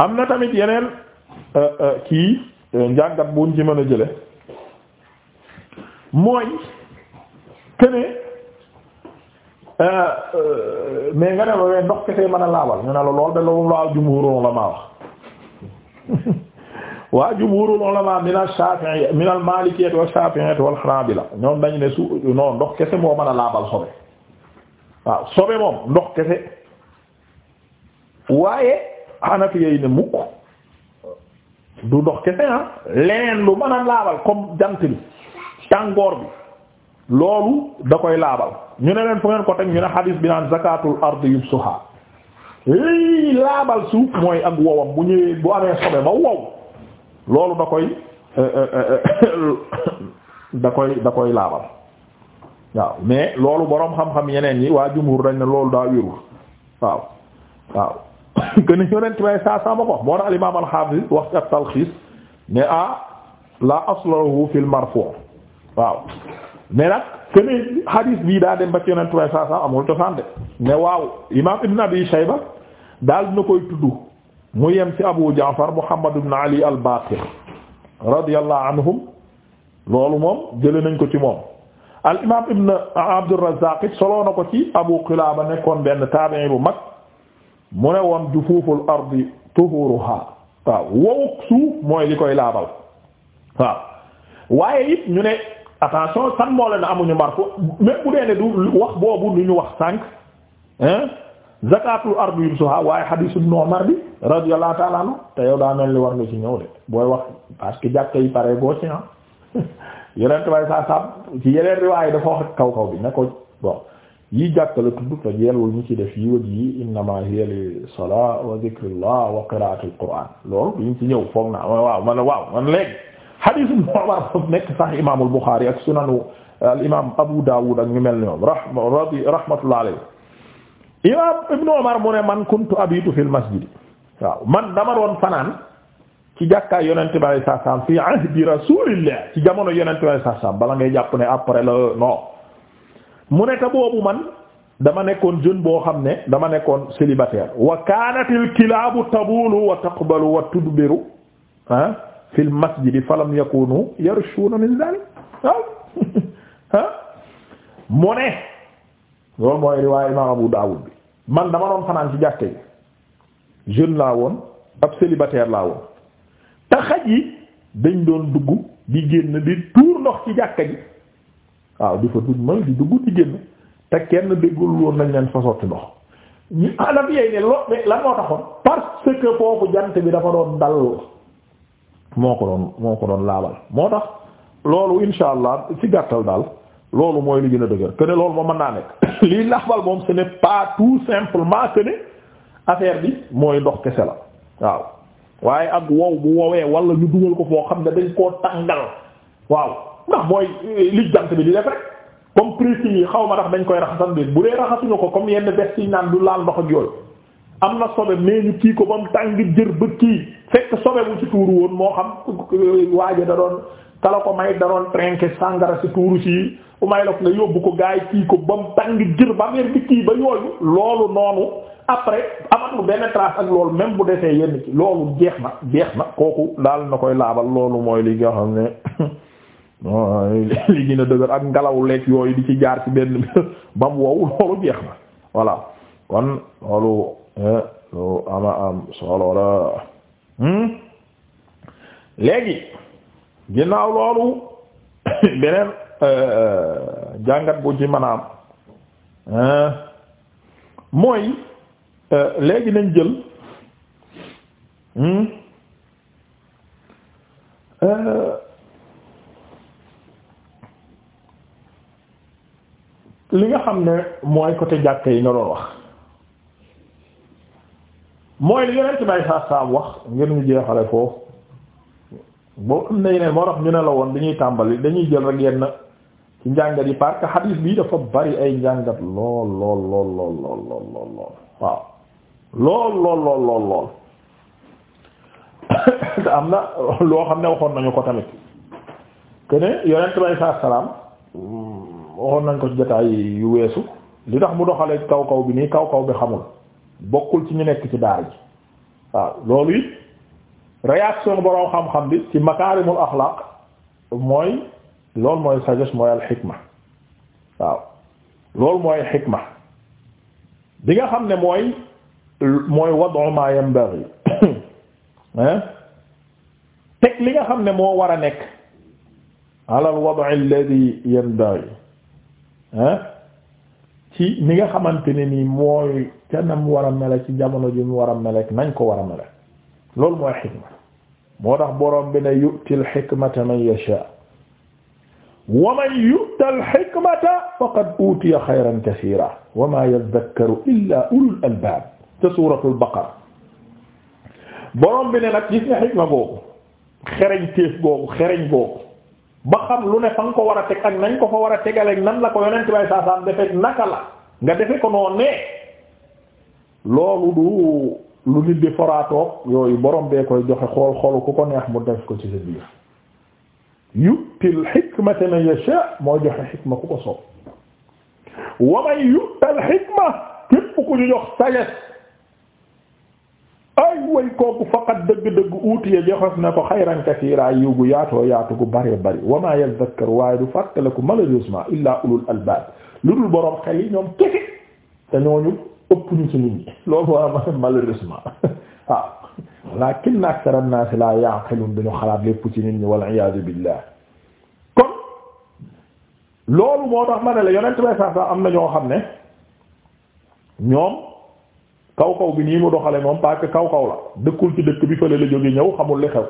am na tamit yeneen euh, euh, kii euh, njàngat buñ ci mën a jële mooy këne mais nga ne loolu ndox kese mën a laabal ñu ne la lool de loolu la jumhuurul ulamaa wax waa jumhuurul ulamaa min ash-Shaafi'i min al-Maalikiyyati wa ash-Shaafi'iyyati wal Hanaabila ñoom dañ ne su non ndox kese moo mën a laabal sobe waaw sobe moom ndox kese waaye Hanafi yooyu ne mukk du ndox kese ah leneen lu mën a laabal comme jant bi tàngoor bi loolu da koy laabal ñu ne leen fu ngeen ko teg ñu ne xadiis bi naan zakatul ard yubsuha lii laabal suuf mooy ak wowam bu ñëwee bu amee sobe ba wow loolu da koy euh, euh, euh, da koy da koy laabal waaw mais loolu boroom xam-xam yeneen yi waa jumhur dañ ne loolu daa wérul waaw waaw que ni yonent bay ko moo tax al imaam al xaafis wax ci ab talxiis ne ah la aslahu fil marfuu waaw mais nag que ni bii daa dem ba ci yonent bay saa saa amul cosaan mais waaw imaam ibn abi shayba daal na koy tudd mu yem ci abu jaafar muhammad ibn ali al baqir radiyallahu anhum loolu moom jëlee nañ ko ci moom. al imaam ibn abdurrazzaq solo na ko ci abu qilaaba nekkoon benn taabi'i bu mag. mu ne woon jufuuful ardi tuhuruha waaw wowuk suuf mooy li koy laabal waaw waaye it ñu ne attention san moo leen amuñu marfu même bu dee ne du wax boobu lu ñu wax sànq hein zakatul ardi yumsuha waaye hadith ibn Umar bi radiyallahu ta'ala anhu te yow daa mel ni war nga ci ñëw de booy wax parce que jàkka yi pare goo ci ah yeneen tubaab yi saa saabu ci dafa wax kaw kaw bi ne ko bon. yi jàkkale tudd te yeelul ñi ci def yi wëg yi innama hiya li salaa wa zikrillah wa qiraatul qur'aan loolu duñ ci ñëw foog naa waaw man waaw man léegi xadiis nekk sax imaamul Buxaari ak sunanu al imaam Abu Daawud ak ñu mel ñoom rahma rabi rahmatullahi alayhi imaam Ibn Umar mu ne man kuntu abitu fil masjid waaw man dama doon fanaan ci jàkkaay yonente bi alayhi salaam fi ahdi rasulillah ci jamono yonente bi alayhi salaam bala ngay jàpp ne après mu ne te boobu man dama nekkoon jeune boo xam ne dama nekkoon célibataire wa kaanatil kilaabu tabulu wa taqbalu wa tudbiru ah fil masjidi falam yakunu yarshuna min zalik waaw ah mu ne loolu mooy riwaaya imam Abu bi man dama doon fanaan ci jàkke yi jeune laa woon ab célibataire laa woon te xaj yi dañ doon dugg di génn di tuur ndox ci jàkka ji waaw di fa dugmal di dugg di génn te kenn déggul woon nañ leen fa sotti ndox ñu arab yey ne loo lan moo taxoon parce que foofu jant bi dafa doon dal moo ko doon moo ko doon laabal moo tax loolu insha allah ci gàttal daal loolu mooy li gën a dëgër que ne loolu moom man naa nekk lii laabal moom ce n'est pas simplement que affaire bi mooy ndox kese la waaw waaye ak wow bu wowee wala ñu dugal ko foo xam ne dañ koo tàngal waaw ndax mooy euh, li jant bi di def rek comme prix yi xaw ma ndax dañ koy raxasan déet bu dee raxasuñu ko comme yenn bes yi naan du laal ndox ak am na sobe mais ñu kii ko ba mu tàng jër ba kii fekk sobe bu woon moo xam euh, waaja da doon kala may da doon trinquer sàngara si si bu may la nga yóbbu ko gaay kii ko ba mu tàng jër ba meer bi kii ba yooyu loolu noonu après amatul benn trace ak loolu même bu defee yenn ci loolu jeex na jeex na kooku daal na koy laabal loolu mooy li nga xam ne li gën a dëgër ak ngelaw lekk yooyu di ci jaar ci benn ba mu wow loolu jeex na voilà kon loolu eh, lu ama am solo la hmm? léegi ginnaaw loolu beneen eh, jàngat bu ci manaam eh, mooy léegi nañ jël hmm, li nga xam ne mooy côté jàkka yi nga doon wax mooy li yeneen ci bay saa saam wax ngir ñu jeexale foofu boo am na yeneen moo tax ñu ne la woon dañuy tàmbali dañuy jël rek yenn ci njàngat yi parce que xadiis dafa bari ay njàngat lool lool lool lool lool lool lool lool te am na loo xam ne waxoon nañu ko tamit que ne yonent bay saa salaam waxoon nañ ko ci jotaay yu weesu li tax mu doxalee kaw kaw bi nii kaw kaw bi xamul bokkul ci ñu nekk ci daara ji waaw loolu it réaction boroom xam-xam bi ci makaarimul axlaaq mooy loolu mooy sagesse mooy al xikma waaw loolu mooy xikma bi nga xam ne mooy mooy wadu ma yanbaghi hein teg li nga xam ne moo war a nekk ala al wadu alladhi yanbaghi ci ni nga xamante ne nii mooy ca nam war a mele ci jamono ju mu war a mele nañ ko war a mele loolu xikma moo tax boroom bi ne yu'til xikmata man yasha wa man yu'tal xikmata faqad utiya xayran kasiira wa ma yadhakkaru illa ulul albaab te suuratul baqara boroom bi ne nag gis nga xikma googu xereñ téef googu xereñ googu xam lu ne fa ko war a teg ak nañ ko fa war a tegaleeg nan la ko yonent bay saasaam defeek naka la nga defe ko noonu nee loolu du lu nit di foraatoog yooyu borom bee koy joxe xool xoolu ku ko neex mu def ko ci sa biir yu'til hikmata man yasha moo joxe xikma ku ko soob wa man yu'tal hikma képp ku ñu jox sagesse ay way kooku faqat dëgg-dëgg uutiye joxas na ko xayran kasiira yiw gu yaatoo yaatu gu bëree wa ma yadhakkaru waaye du fàttaliku malheureusement illaa ulul albaab lu dul boroom xel yi ñoom kese te ñooñu ëpp ñu ci nit ñi loolu war a ma malheureusement waaw laakinna ah, akthara an-naas laa ya'qiluun dañu xalaat lépp ci nit ñi wal iyaadu billah kon loolu moo tax ma ne la yonent saa saa am na ñoo xam ne ñoom kaw kaw bi nii mu doxale moom parce que kaw kaw la dëkkul ci dëkk bi fële la jóge ñëw xamul li xew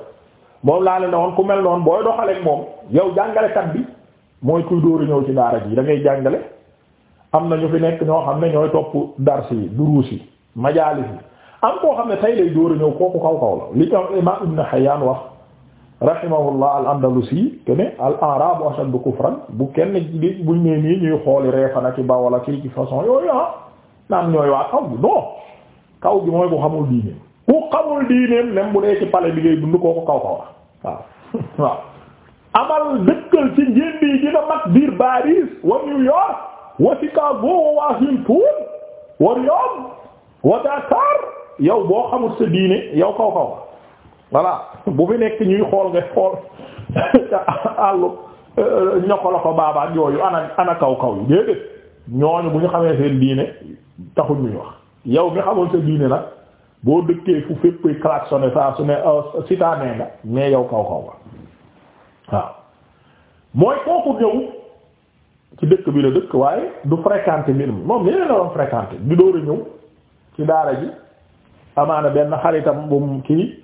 moom laa leen ne woon ku mel noonu booy doxaleek moom yow jàngalekat bi mooy kuy dóoru ñëw ci daara ji da ngay jàngale am na ñu fi nekk ñoo xam ne ñooy topp dars yi duruus yi majaalis yi am koo xam ne tay lay dóoru ñëw kooku kaw kaw la li ñoom imam ibn Hayyan wax rahimahullah al andalusi te ne al arabu ashaddu kufran bu kenn buñ nee nii ñuy xooli reefana kii ci façon yooyu ah naan ñooy waa kaw gi mooy bu xamul diineem ku xamul diineem même bu dee ci palais bi ngay dund kooku kaw kaw waaw waaw amal dëkkal ci njënd yi dina mag biir Paris wa New York wa Chicago wa Washington wa Rome wa Dakar yow boo xamul sa diine yow kaw kaw voilà bu fi nekk ñuy xool nga xool àllu ñokkala ko baabaak yooyu ana ana kaw kaw yi déedéet ñooñu bu ñu xamee seen diine taxul ñuy wax yow mi xamul sa diine nag boo dëkkee fu fépp klaxonné saa su ne sitaanee euh, nga mais yow kaw kaw nga waaw mooy kooku ñëw ci dëkk bi la dëkk waaye du fréquenter mbir mi moom yeneen la doon fréquenter di door a ñëw ci daara ji amaana benn xaritam bu ki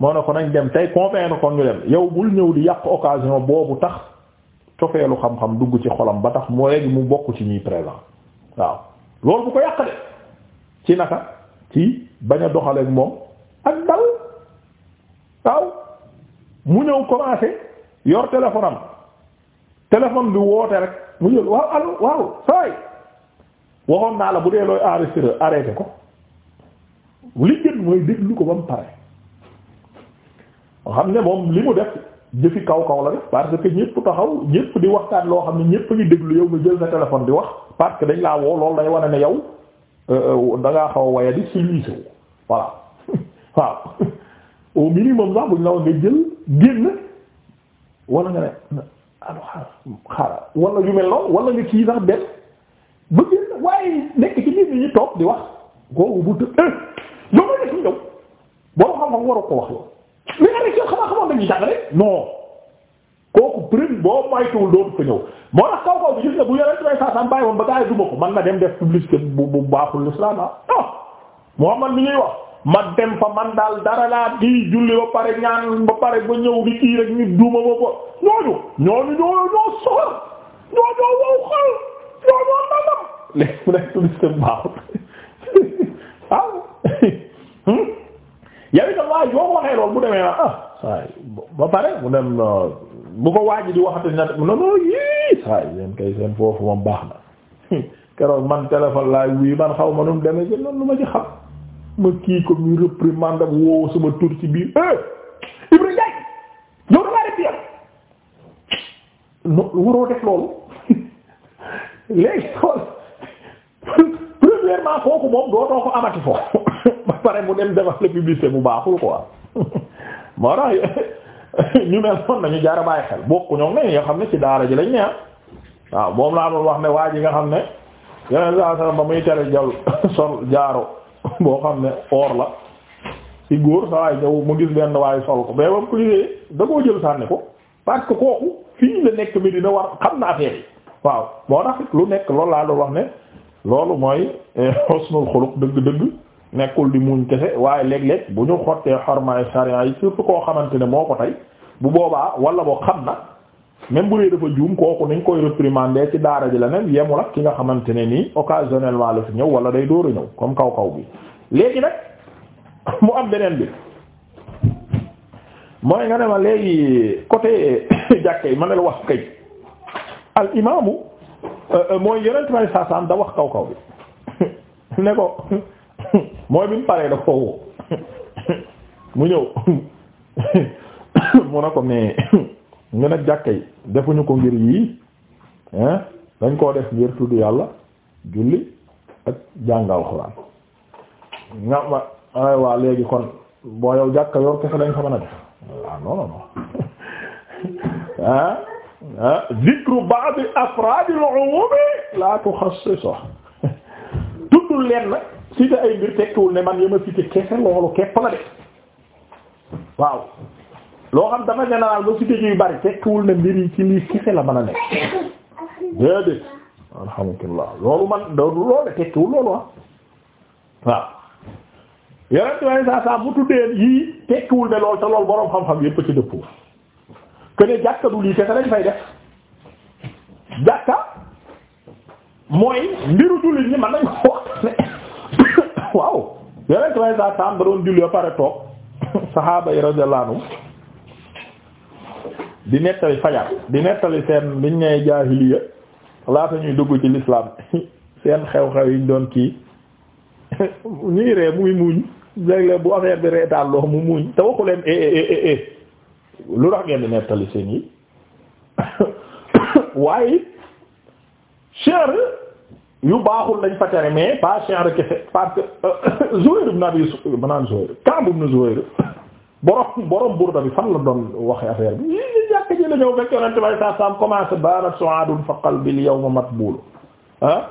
moo ne ko nañ dem tey convaincre ko ñu dem yow bul ñëw di yàq occasion boobu tax cofeelu xam-xam dugg ci xolam ba tax moo léegi mu bokk ci ñuy présent waaw loolu bu ko yàq de ci naka ci bañ a doxaleek moom ak dal waaw mu ñëw commencé yor téléphone am téléphone bi woote rek mu jël waaw allo waaw sooy waxoon naa la bu dee looy enregistré arrêté ko li gën mooy déglu ko ba mu pare xam ne moom li mu def jëfi kaw kaw la def parce que ñépp taxaw ñépp di waxtaan loo xam ne ñépp ngi déglu yow nga jël sa téléphone di wax parce que dañ laa woo loolu day wane ne yow Euh, euh, da ngaa xaw a waya di civilisé wu voilà waaw au minimum sax buñ la wax nga jël génn wala nga ne alo xaar xaaral wala yu mel noonu wala nga kii sax benn ba génn waaye nekk ci nit ñi toog di wax googu bu të ma def ñu daw boo xam-xam waru ko wax loolu mais avec yow xamaa xamoon dañuy jàng rek non kooku prime boo moytuwul dootu fa ñëw moo tax kaw kaw bi gis nga bu yore may saa saa bàyyi woon ba gaa duma ko man na dem def publicité bu bu baaxul l'islam ah Muhammad mi ñuy wax ma dem fa man daal dara laa di julli ba pare ñaan ba pare ba ñëw ko ñooñu ñooñu ñoo bu baaxul hmm? ah ah ba pare mu dem. Euh, bu ko waaj di waxati na non non yii saa kay seen foofu moom baax na keroog man téléphone laay wii man xaw ma nu mu demee ci noonu lu ma ci xam ma kii ko mu réprimande am woo sama tur ci biir eh Ibrahima loolu léegi xool premièrement kooku moom dootoo ko amati foofu ba pare mu dem defal la publicité bu baaxul quoi moo tax. ñu mel noonu nañu jaara bàyyi xel bokk ñoom ne nga xam ne ci daara ji lañ ne ah. waaw moom laa doon wax ne waa ji nga xam ne yeneen saa sallam ba muy tere jal sol jaaro boo xam ne or la ci góor sa waay ñëw mu gis benn waaye sol ko mais bam ko gisee da koo jël sànni ko parce que kooku fii la nekk mi dina war xam na affaire waaw moo tax lu nekk loolu laa doon wax ne loolu mooy eh, husnul xuluq dëgg-dëgg nekkul di muñ kese waaye léeg-léeg bu ñu xottee xormaay sharia yi surtout koo xamante ne moo ko tey bu boobaa wala boo xam na même bu dee dafa juum kooku nañ koy réprimander ci daara ji la nen yemul ak ki nga xamante ne nii occasionnellement la fi ñëw wala day dóoru ñëw comme kaw kaw bi léegi nag mu am beneen bi mooy nga ne ma léegi côté jàkke yi ma ne la wax kay al imaamu euh, euh, mooy yenent may saasaam da wax kaw kaw bi ne ko mooy bi mu paree da mu ñëw mu ne ko mais ñu ne jàkka yi defuñu ko ngir yii dañ koo def ngir tudd yàlla julli ak jàngal xuraan nga ma ay waa léegi kon boo yow jàkka yor kese dañ ko mën a def ah non non non ah ah zikru ba'd afraadil umuumi laa tukhassisu tuddul leen nag cité ay mbir tekkiwul ne man yama cité kese loolu képp la def waaw loo xam dafa général ba cité yu bari tekkiwul ne mbir yi ci lii kese la mën a nekk déedéet alhamdulillah loolu man doo loolu tekkiwul loolu ah waaw yeneen yeneen saa saa bu tuddee yii tekkiwul ne lool te lool boroom xam-xam yépp ci dëppoo que ne jàkka du lii kese lañ fay def jàkka mooy mbiru jullit ñi man nañ ko waxtaane waaw yeneen yeneen saa saa am doon julli ba pare toog yi radiyallahu di nettali fajar di nettali seen biñ nee jaahiliya laata ñuy dugg ci lislaam seen xew-xew yiñ doon kii ñuy ree muy muñ léeg bu affaire bi reetaan loo mu muñ te waxu leen eh, eh, eh, lu tax ngeen di nettali seen yi waaye cher yu baaxul lañ fa tere mais pas cher kese parce que euh, Zuhayr ibn Abi maanaam Zuhayr Ka'b ibn Zuhayr borom borom burda bi fan la doon waxe affaire bi la ñëw fekk yonent bay saa saam commencé baana su'adun fa qalbi al-yawma matbuul ah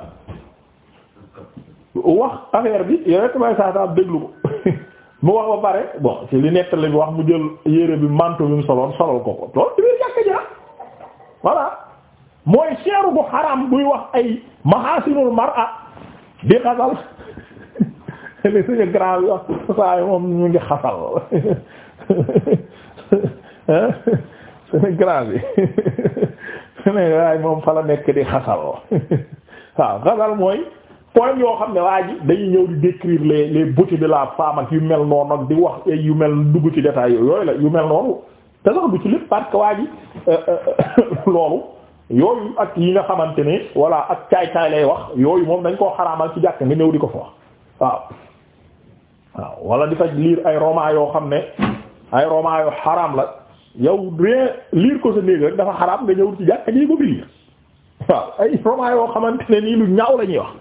wax affaire bi yonent bay saa saam déglu ko mu wax ba pare bon ci li nettali bi wax mu jël yére bi manteau bi mu soloon solol ko ko loolu ci biir jàkk ja voilà mooy seeru bu xaram buy wax ay mahasinul mar'a di xasal li suñu grand bi wax saa yi moom ñu ngi xasal ah? suñu grand bi suñu waay moom fa la nekk di xasal waaw xasal mooy point yoo xam ne waa ji dañuy ñëw di décrire les les beautés de la femme ak yu mel noonu ak di wax yu mel dugg ci détail yooyu la yu mel noonu te sax du ci lépp parce que waa ji euh, euh, loolu yooyu ak yi nga xamante ni walla ak caay-caay lay wax yooyu moom dañ koo xaraamal ci jàkk nga ñëw di ko fa waaw waaw wala di fa lire ay roman yoo xam ne ay roman yu xaraam la yow rien liir ko sa néeg dafa xaraam nga ñëw ci jàkka ji ko fi liir waaw ay roman yoo xamante ne nii lu ñaaw la ñuy wax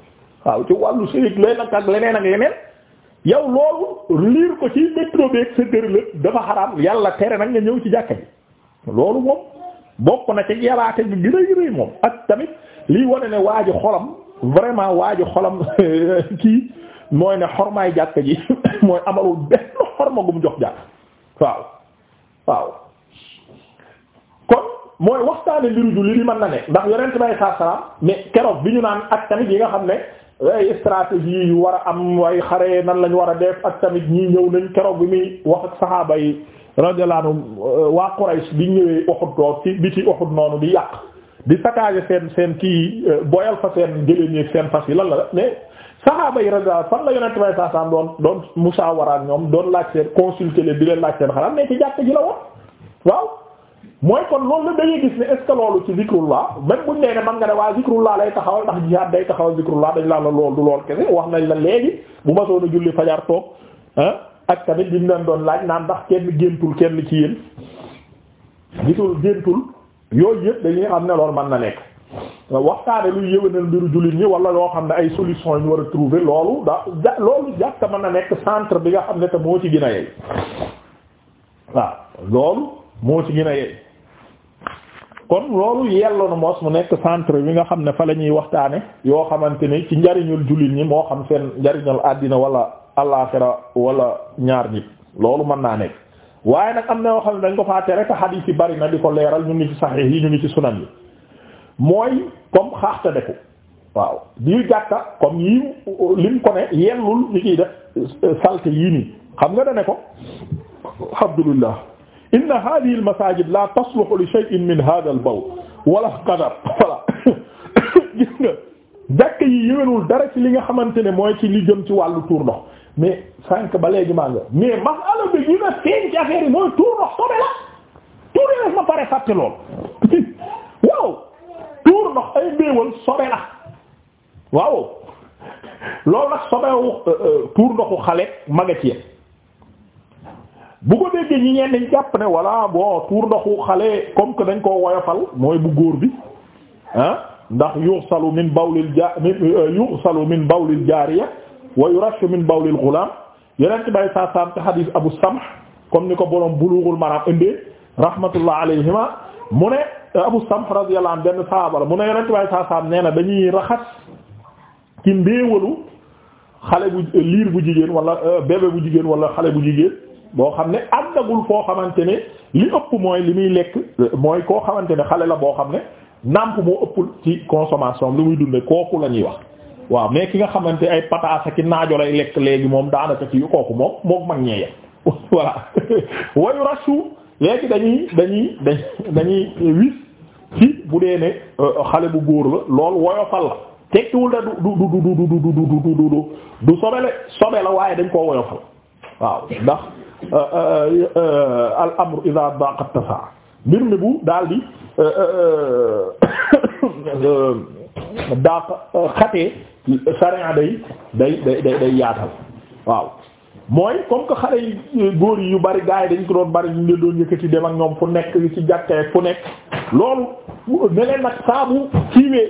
waaw ci wàllu sérig lay ak leneen ak leneen yow loolu liir ko ci métro sa kër la dafa xaram yàlla tere nag nga ñëw ci jàkka ji loolu moom bokk na ci yaraate gi gën a moom ak tamit lii wane ne waa ji xolam vraiment waa xolam kii mooy ne xormaay jàkka ji mooy amalul benn xorma gum jox jàkk waaw waaw kon mooy waxtaane mbiru julli li man na ne ndax yonent bay saa salaam mais keroog bi ñu naan ak tamit yi nga xam ne ay stratégie yu war a am waaye xare nan lañu war a def ak tamit ñii ñëw lañu keroog bi muy wax ak saxaaba yi radiyallahu anhum euh, waa Quraysh bi ñëwee Uhud doo ci biti Uhud noonu di yàq di saccage seen seen kii euh, boyal fa seen jëleen yi seen fas yi lan la mais saxaaba yi radiyallahu fan la yonent bay saa salaam doon doon musaawara ñoom doon laaj seen consulter leen di leen laaj seen xalaat mais ci jàkk ji mooy kon loolu la dañuy gis ne est ce loolu ci zikrullah même buñ nee man nga ne waa zikrullah lay taxawal ndax jihaad day taxawal zikrullah dañ laa la loolu du lool kese wax nañ la léegi bu ma soona julli fajar toog ah, ak tamit bi mu doon laaj naan ndax kenn géntul kenn ci yéen gisul géntul yooyu yëpp dañuy xam ne loolu mën na nekk waxtaane luy yëwénal mbiru jullit ñi wala loo xam ne ay solution yi ñu war a trouver loolu da loolu jàkka man na nekk centre bi nga xam ne te moo ci ci gën kon loolu yelloo na moos mu nekk centre bi nga xam ne fa la ñuy waxtaane yoo xamante ni ci njariñul jullit ñi moo xam seen njariñul àddina wala alaaxira wala ñaar nit loolu mën naa nekk waaye nag am na yoo xam ne dañ ko faa tere te xadiis yi bari na di ko leeral ñu ngi ci saxiix yi ñu ngi ci sunan yi mooy comme xaaxta deku waaw biir jàkka comme yi lim ko ne yellul ñu ciy def salte yii nii xam nga da ne ko alhamdulillah inna hadhihi al masajid la tasluhu li shay'in min hadha al wala qadar voilà gis yi yëwénul dara ci li nga xamante ne mooy ci li jëm ci wàllu tuur ndox mais sànq ba léegi maa nga mais masala bi ñu na feeñ ci affaire mooy tuur ndox sobe la tuur yi ma pare fàtte lool waaw tuur ndox ay mbéewal sobe la waaw loolu nag sobewu euh, euh, tuur ndoxu xale maga ci bu ko déggee ñi ñeen dañ jàpp ne voilà bon tuur ndoxu xale comme que dañ koo woyofal mooy bu góor bi ah ndax yuxsalu min bawlil ja euh, yuxsalu min bawlil jaariya wa yurashu min bawlil ghulam yeneen bay saa saam ci hadith abu samh comme ni ko borom bulughul maram indee rahmatullah alayhima mu ne abu samh radiyallahu anhu benn saaba la mu ne yeneen bay saa saam nee na dañuy raxas ci mbéewalu xale bu liir bu jigéen wala euh, bébé bu jigéen wala xale bu jigéen. boo xam ne àggagul koo xamante ne li ëpp mooy li muy lekk mooy koo xamante ne xale la boo xam ne nàmp moo ëppul ci consommation li muy dunde kooku la ñuy wax waaw mais ki nga xamante ay pataasa ki naajo lay lekk léegi moom daanaka ci kooku moom moom mag ñee yem voilà wayu rasu léegi dañuy dañuy dañuy wis ci bu dee ne xale bu góor la loolu woyofal la tekkiwul da du du du du du du du du du du du sobele sobe la waaye dañ koo woyofal waaw ndax Euh, euh, euh, al amru idha daqa tasaa mbir mi bu daal di daaq xatee sariya day day day day yaatal waaw mooy comme que xale yi góor yu bari gaa yi dañ ko doon bari ñu leen doon yëkkati dem ak ñoom fu nekk ci jàkkee fu nekk loolu ne leen saabu fiiwee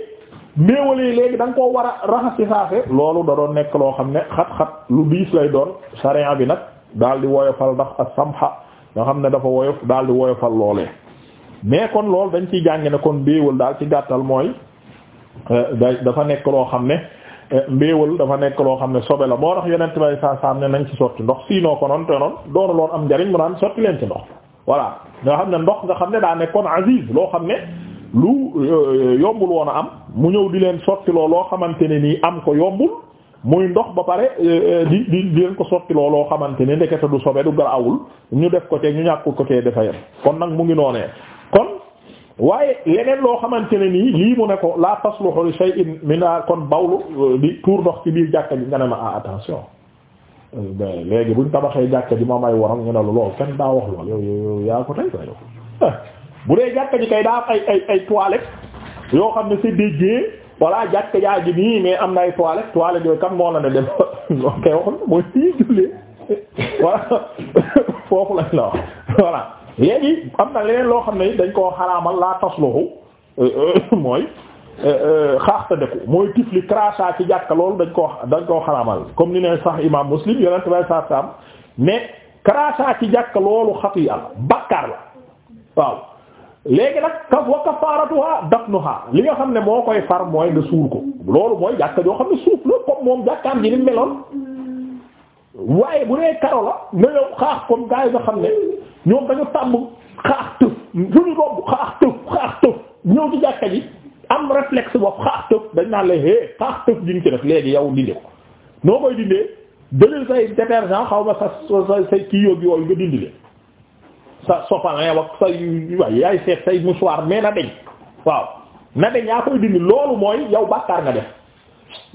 méewalee léegi da nga koo war raxas ci saafe loolu da doon nekk loo xam ne xat-xat lu diis lay doon sariya bi nag daal di woyofal ndax as-samha nga xam ne dafa woyof daal di woyofal loole mais kon loolu dañ ciy jàng ne kon mbéewal daal ci gàttal mooy euh, dafa nekk loo xam ne euh, mbéewal dafa nekk loo xam ne sobe la moo tax yeneen bay saa ne nañ ci sotti ndox siinoo konoon te noon doonu loon am njariñ mu naan sotti leen ci ndox voilà nga xam ne ndox nga xam ne daa nekkoon aziz loo xam ne lu euh, yombul woon a am mu ñëw di leen sotti loo loo xamante ne nii am ko yombul muy ndox ba pare euh, euh, di di di leen ko sotti loo xamante ne ndekete du sobe du garaawul ñu def ko te ñu ñàkk ko te dafa kon nag mu ngi noonee kon waaye leneen loo xamante ne nii lii mu ne ko la tasluhu li shay'in min kon bawlu euh, di tuur ndox ci biir jàkka ji nga ne ma ah attention léegi buñ tabaxee jàkka ji ma may waram ñu ne lu lool kenn daa wax lool yow yow yaa ko tey bu dee jàkka ji kay daa am ay ay ay toilettes yoo xam ne c'est dédié voilà jàkk jaa ji nii mais am na ay toilette toilette yooyu kam moo la ne dem loo koy waxoon mooy fii jullee voilà foofu lañ la wax voilà léegi am na leneen loo xam ne dañ koo xaraamal laa tasluhu euh, euh, mooy euh, xaaxta deku mooy tifli crachat ci jàkka loolu dañ koo dañ koo xaraamal comme ni ne sax imam muslim yonent bay sa sam mais crachat ci jàkka loolu xatiya la bàkkaar la waaw léegi nag ka wa kafaratuha dafnuha li nga xam ne moo koy far mooy nga suur ko loolu mooy jàkka joo xam ne suuf la comme moom jàkkaam ji ni meloon waaye bu dee la nga yow xaax xam ne ñoom dañu tàmm xaax tëf fu ñu romb xaax tëf xaax tëf ñëw ci jàkka ji am réflexe boobu xaax tëf dañ naan la é xaax tëf ji nga def léegi yow dindi ko noo koy dindee dëlil say détergent xaw ma sa sa say kii yóbbu yooyu nga dindi leen sa sopalin wax sa waay yaay seet say mouchoir mais na deñ waaw na deñ yaa koy dindi loolu mooy yow bàkkaar nga def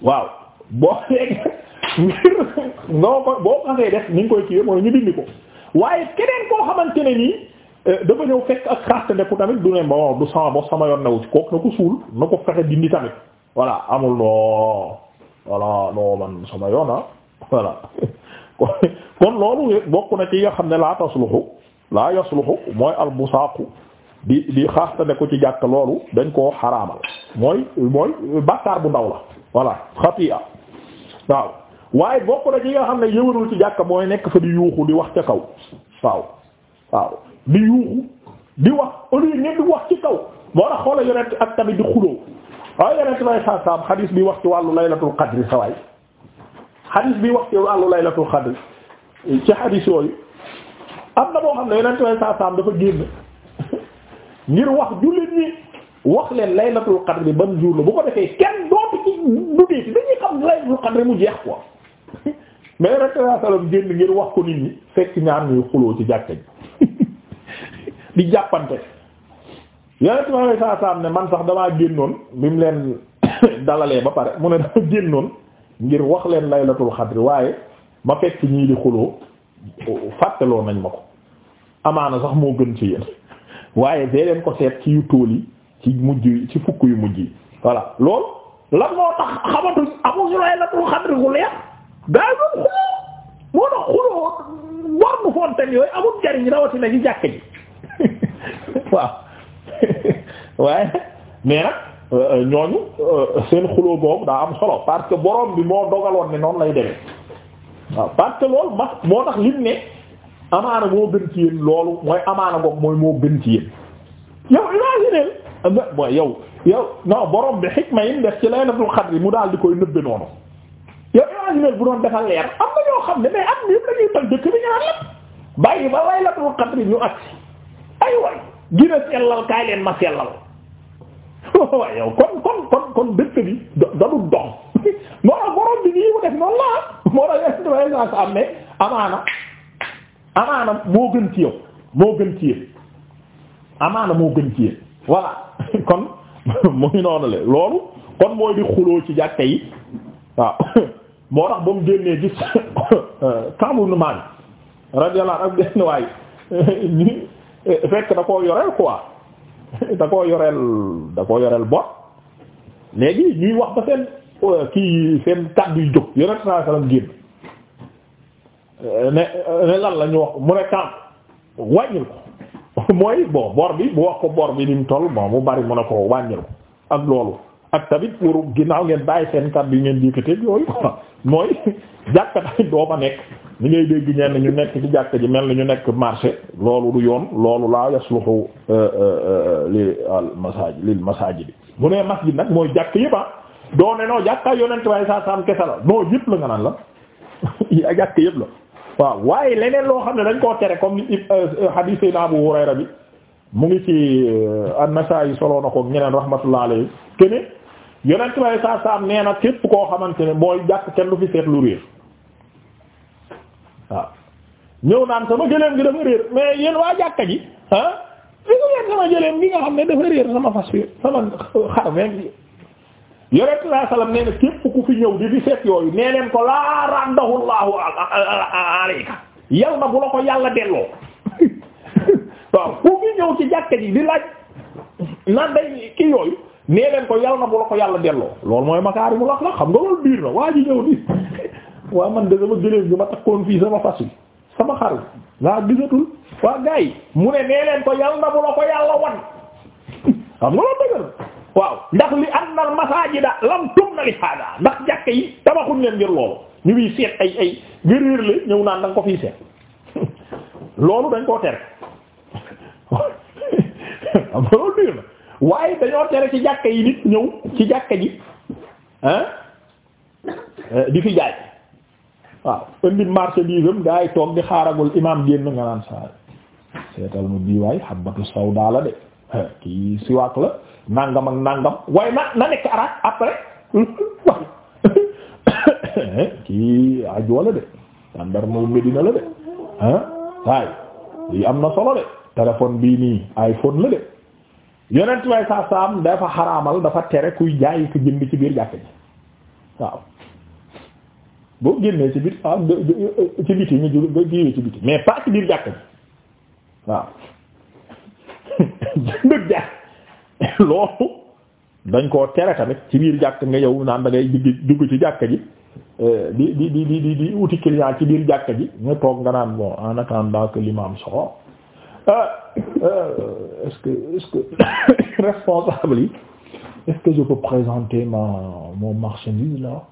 waaw boo léegi ngir ngoo ko boo xasee def ni koy kiiwee mooy ñu dindi ko waaye keneen koo xamante ne nii eh, dafa ñëw fekk ak xaste ndeku tamit du ne bon du sama bopp sama yoon newu ci kooku na ko suul na ko fexe dindi tamit voilà amul non voilà non man sama yoon ah voilà kon loolu bokk na ci yoo xam ne laa tasluxu laa yasluxu mooy al busaaqu di di xaastane ko ci jàkk loolu dañ koo xaraamal mooy mooy bàkkaar bu ndaw la voilà xatiya waaw waaye bokk na ci nga xam ne yëwarul ci jàkk mooy nekk fa di yuuxu di wax ca kaw waaw waaw di yuuxu di wax au lieu ngeen di wax ci kaw moo tax xoola yonent ak tamit di xuloo waaye yonent bay saasaam xadiis bi wax ci wàllu laylatul qadri sawaay xadiis bi wax ci wàllu laylatul qadri ci xadiis yooyu am na boo xam ne yonent way saa saam dafa génn ngir wax jullit ñi wax leen laylatul qadr ban jour la bu ko defee kenn dootu ci dudee ci dañuy xam laylatul qadr mu jeex ko mais yonent way sallam génn wax ko nit ñi fekk ñaar ñuy xuloo ci jàkka ji di jàppante yonent way saa saam ne man sax damaa génnoon bi mu leen dalalee ba pare mu ne dafa génnoon ngir wax leen lay laylatul qadr waaye ma fekk ñii di xuloo fàttaloo nañ ma ko amaana sax moo gën ci yéen waaye dee leen ko seet ci yu tool yi ci mujj yi ci fukk yu mujj yi voilà lool lan moo tax xamatuñ amuñu lay la du rawatina ci jàkk ji waaw waaye mais nag euh, euh, ñooñu euh, seen xuloo boobu daa am solo parce que borom bi moo dogaloon ne noonu lay demee waaw parce que loolu ma moo tax lim ne amaana moo gën ci yéen loolu mooy amaana goog mooy moo gën ci yéen yow imagineel mooy yow yow non borom bi xikma yi def ci laylatul xadri mu daal di koy nëbbe noonu yow imagineel bu doon defal leer am na ñoo xam ne mais am na yëpp dañuy tal dëkk bi ñaan lépp bàyyi ba laylatul xadri ñu agsi ay way gina sellal kaay leen ma sellal kon kon kon kon dëkk bi da du dox moo tax borom bi nii mu def noonu la ah. moo tax yenn saa saa ne amaana amaana moo gën ci yow moo gën ci yéen amaana moo gën ci yéen kon muy noonu la loolu kon moo tax ba mu génnee gis Kaabu Numaan radiyallahu anhu benn waay ni fekk da koo yoreel quoi da koo yoreel da yoreel bor léegi ñuy wax ba seen. kii seen kàddu yu jóg yonent sallallahu alayhi génn ne ne lan la ñu wax mu ne camp wàññil ko mooy bon bor bi bu wax ko bor bi ni mu toll bon mu bari mu ne ko wàññil ko ak loolu ak tamit pour ginnaaw ngeen bàyyi seen kàddu yi ngeen yëkkateeg yooyu quoi mooy jàkka tamit doo fa nekk ni ngay dégg ñenn ñu nekk ci jàkka ji mel ni ñu nekk marché loolu du yoon loolu laa yasluhu li al masaajid lil bi bu nee masjid nag mooy jàkk yëpp ah. doo ne noo jàkkaay yonent waaye saa saam kese la non yëpp la nga naan la jàkk yëpp la waaw waaye leneen loo xam ne dañ koo tere comme ni euh, euh, hadith sayna Abu Hurayra bi mu ngi ci euh, an-Nasa'i soloo na ko ñeneen rahmatullah kene yonent waaye saa saam nee na képp koo xamante ne mooy jàkk kenn du fi seet lu réer waaw ñëw naan sama gëléem gi dafa réer mais yéen waa jàkka ji ah li ko yéen sama gëléem gi nga xam ne dafa réer sama fas wi sama xar yonent bi sallam nee na képp ku fi ñëw di fi seet yooyu nee leen ko laa raddahu llahu alayka yal na bu la ko yàlla delloo waaw ku fi ñëw ci jàkka ji di laaj naan day ki yooyu nee ko yal na bu la ko yàlla delloo lool mooy makaarimul axlaaq xam nga loolu biir na waa ji ñëw di waa man de sama gëléem gi ma takkoon fii sama fas sama xar laa gisatul waa gars mu ne nee ko yal na bu la ko yàlla wan xam nga loolu dëgër waaw ndax li annal masajida lam tumna li hada ndax jàkka yi tabaxuñ leen ngir loolu ñu ngi seet ay ay ngëréer la ñëw naan da ko fiy seet loolu dañ koo tere am na loolu dëgg na waaye dañoo tere ci jàkka yi nit ñëw ci jàkka ji ah di fi jaay waaw indi marchandise am gaa yi toog di xaaragul imam génn nga naan saa seetal mu bii waay xabatu sawda la de eh, kii siwaak la nangam ak nangam waaye na nekk arabe après kii ajuwa de tàndar moom Medina la de ah waaye lii am na solo de téléphone bii nii iPhone la de yonent way saa saam dafa xaraamal dafa tere kuy jaay ku jënd ci biir jàkk ji waaw boo génnee ci biir ah ci biti nga jël nga jiwee ci biti mais pas ci biir jàkk ji waaw jënd jaay. loolu dañ koo tere tamit ci biir jàkk nga yow naan da ngay dugg dugg ci jàkk ji euh, di di di di di uti client ci biir jàkk ji nga toog nga naan bon en attendant que l'imam soxo euh, euh, est-ce que est-ce que responsable yi est-ce que je peux présenter ma mon marchandise là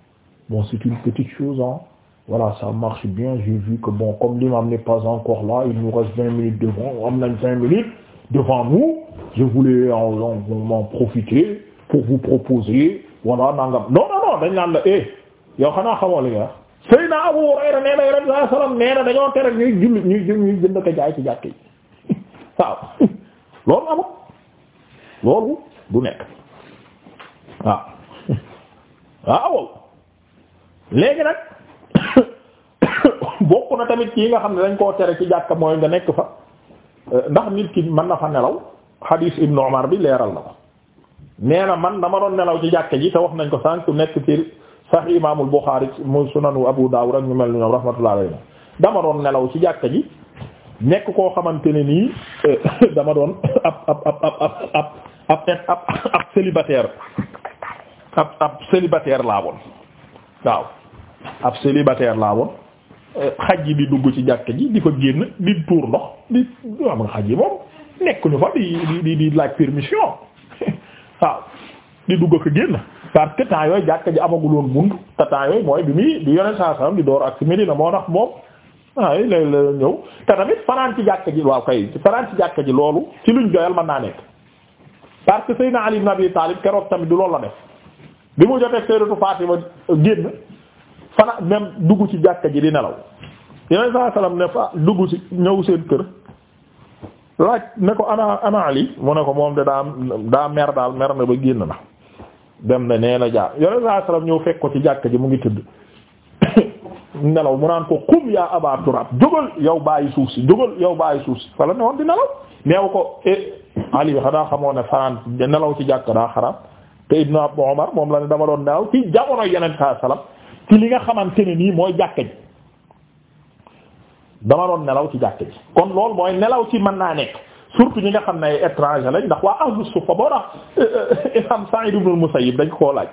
bon c'est une petite chose hein voilà ça marche bien j'ai vu que bon comme l'imam n'est pas encore là il nous reste vingt minutes devant am nañ cinq minutes devant nous je voulais en, en, en profiter pour vous proposer wala nangam non non non dañ naan la eh yow xanaa xamoo li nga wax Seydina Abu Hurayra nee na Yonent sallallahu alayhi wasallam nee na dañoo tere ñuy julli ñuy jëm ñuy jënd ko jaay ci jàkk yi waaw loolu amul loolu du nekk waaw waaw léegi nag bokk na tamit ci yi nga xam ne dañ koo tere ci jàkk mooy nga nekk fa euh, ndax nit ki mën na fa nelaw hadis Ibn Umar bi leeral na ko nee na man dama doon nelaw ci jàkke ji te wax nañ ko sànq nekk ci Sahih Imaamul Bukhari mu sunanu Abu Dawud ak ñu mel ni ñoom rahmatullah alayhi dama doon nelaw ci jàkke ji nekk koo xamante ne nii eh, dama doon ab ab ab ab ab ab ab ab ab célibataire ab laa woon waaw ab célibataire laa woon eh, xaj bi dugg ci jàkke ji di ko génn di tuur ndox di am nga xaj yi moom nekkuñu fa di di di laaj permission waaw di dugg ak génn parce que temps yooyu jàkk ji amagul woon bunt te temps yooyu mooy bi muy di yoneen saa salaam di door ak si Medina moo tax moom waaye ji waaw ci jàkk ji loolu ci luñ doyal mën naa nekk parce la def bi mu jotee Sayyidatu dugg ci jàkk ji di nelaw yoneen saa salaam ne fa dugg ci ñëw seen kër laaj ne ko ana ana Ali mu ne ko moom de daa daa mer daal mer na ba génn na dem na nee na jaar yoneen saa salaam ñëw fekk ko ci jàkk ji mu ngi tëdd nelaw mu naan ko qum yaa Aba Turab jógal yow bàyyi suuf si jógal yow bàyyi suuf si fala ne woon di nelaw neew ko eh, Ali xanaa xamoo ne fanaan nelaw ci jàkk daa xaraam te Ibnu Abu Umar moom la ne dama doon nelaw ci jamono yeneen sa salaam ci li nga xamante ne nii mooy jàkk ji dama doon nelaw ci jàkk ji kon loolu mooy nelaw ci mën naa nekk surtout ñi nga xam ne ay étranger lañ ndax waa ahlu sufa boo tax euh, euh, imam Sa'id ibn al-Musayyib dañ koo laaj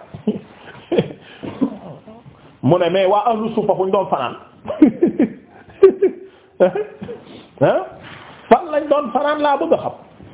mu ne mais waa ahlu sufa fu ñu doon fanaan ah fan lañ doon fanaan laa bëgg a xam